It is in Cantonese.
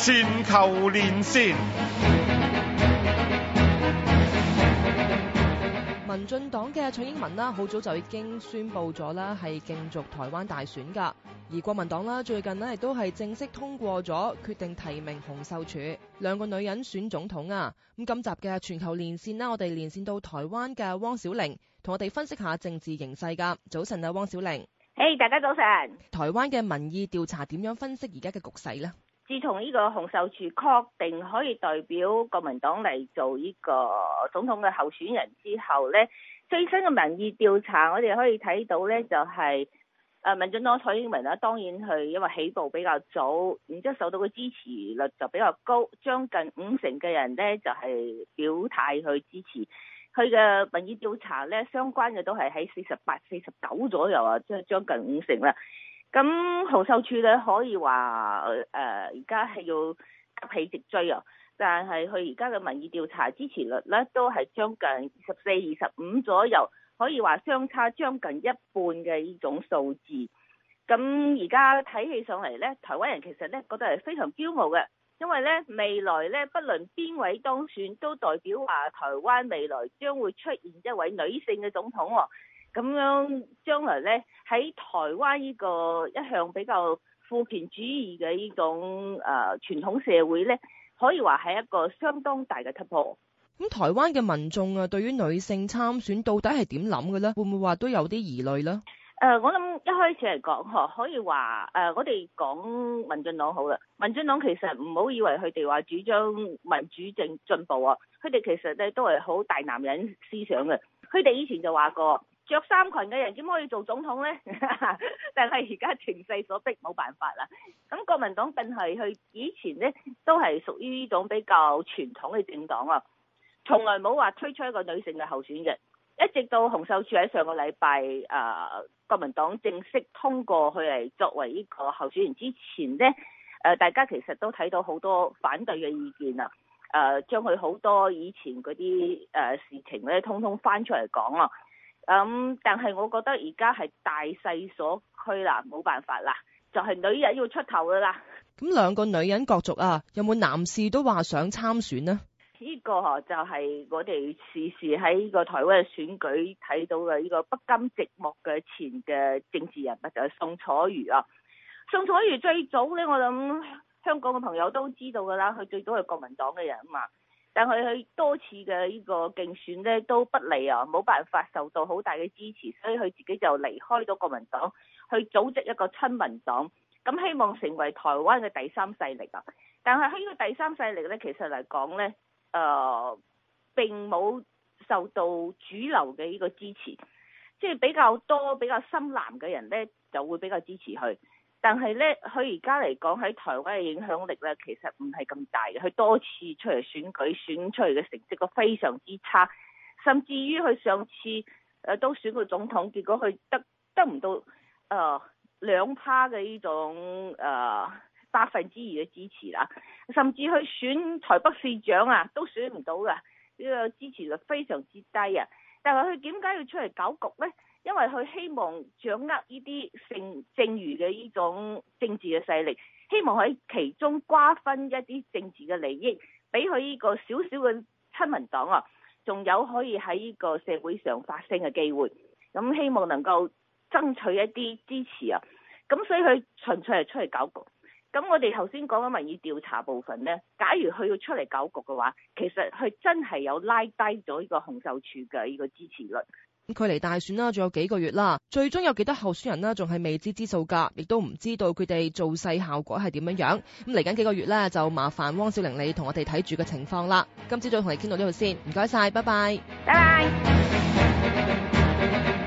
全球連線，民進黨嘅蔡英文啦，好早就已經宣佈咗啦，係競逐台灣大選噶。而國民黨啦，最近呢，亦都係正式通過咗決定提名洪秀柱兩個女人選總統啊。咁今集嘅全球連線啦，我哋連線到台灣嘅汪小玲，同我哋分析下政治形勢噶。早晨啊，汪小玲，hey, 大家早晨，台灣嘅民意調查點樣分析而家嘅局勢呢？自從呢個洪秀柱確定可以代表國民黨嚟做呢個總統嘅候選人之後呢最新嘅民意調查我哋可以睇到呢就係民進黨蔡英文啦，當然佢因為起步比較早，然之後受到嘅支持率就比較高，將近五成嘅人呢，就係表態去支持佢嘅民意調查呢，相關嘅都係喺四十八、四十九左右啊，即係將近五成啦。咁洪秀柱咧可以話，誒，而家係要急起直追啊！但係佢而家嘅民意調查支持率咧，都係將近十四、二十五左右，可以話相差將近一半嘅呢種數字。咁而家睇起上嚟咧，台灣人其實咧覺得係非常驕傲嘅，因為咧未來咧不論邊位當選，都代表話台灣未來將會出現一位女性嘅總統哦。咁樣將來呢，喺台灣呢個一向比較父權主義嘅呢種誒、呃、傳統社會呢，可以話係一個相當大嘅突破。咁台灣嘅民眾啊，對於女性參選到底係點諗嘅呢？會唔會話都有啲疑慮呢？誒、呃，我諗一開始嚟講，可以話誒、呃，我哋講民進黨好啦，民進黨其實唔好以為佢哋話主張民主政進步啊，佢哋其實咧都係好大男人思想嘅，佢哋以前就話過。着衫裙嘅人點可以做總統呢？ 但係而家情勢所逼，冇辦法啦。咁國民黨定係佢以前呢，都係屬於呢種比較傳統嘅政黨啊，從來冇話推出一個女性嘅候選人，一直到洪秀柱喺上個禮拜誒，國民黨正式通過佢嚟作為呢個候選人之前呢，誒、啊、大家其實都睇到好多反對嘅意見啊，誒將佢好多以前嗰啲誒事情咧，通通翻出嚟講啊！咁、嗯，但係我覺得而家係大勢所趨啦，冇辦法啦，就係、是、女人要出頭噶啦。咁兩個女人角逐啊，有冇男士都話想參選呢？呢、這個就係我哋時時喺呢個台灣嘅選舉睇到嘅呢個不甘寂寞嘅前嘅政治人物就係宋楚瑜啊。宋楚瑜最早呢，我諗香港嘅朋友都知道噶啦，佢最早係國民黨嘅人啊嘛。但佢去多次嘅呢個競選咧都不利啊，冇辦法受到好大嘅支持，所以佢自己就離開咗國民黨，去組織一個親民黨，咁希望成為台灣嘅第三勢力啊。但係喺呢個第三勢力咧，其實嚟講咧，誒，呃，並冇受到主流嘅呢個支持，即係比較多比較深藍嘅人咧就會比較支持佢。但係咧，佢而家嚟講喺台灣嘅影響力咧，其實唔係咁大嘅。佢多次出嚟選舉選出嚟嘅成績都非常之差，甚至於佢上次誒都選過總統，結果佢得得唔到誒兩趴嘅呢種誒百分之二嘅支持啦，甚至佢選台北市長啊都選唔到㗎，呢個支持率非常之低啊！但係佢點解要出嚟搞局咧？因為佢希望掌握呢啲剩剩餘嘅呢種政治嘅勢力，希望喺其中瓜分一啲政治嘅利益，俾佢呢個少少嘅親民黨啊，仲有可以喺呢個社會上發聲嘅機會，咁希望能夠爭取一啲支持啊，咁所以佢純粹係出嚟搞局。咁我哋頭先講緊民意調查部分呢，假如佢要出嚟搞局嘅話，其實佢真係有拉低咗呢個洪秀柱嘅呢個支持率。距離大選啦，仲有幾個月啦。最終有幾多候選人仲係未知之數噶，亦都唔知道佢哋造勢效果係點樣樣。咁嚟緊幾個月咧，就麻煩汪少玲你同我哋睇住嘅情況啦。今朝早同你傾到呢度先，唔該晒，拜拜，拜拜。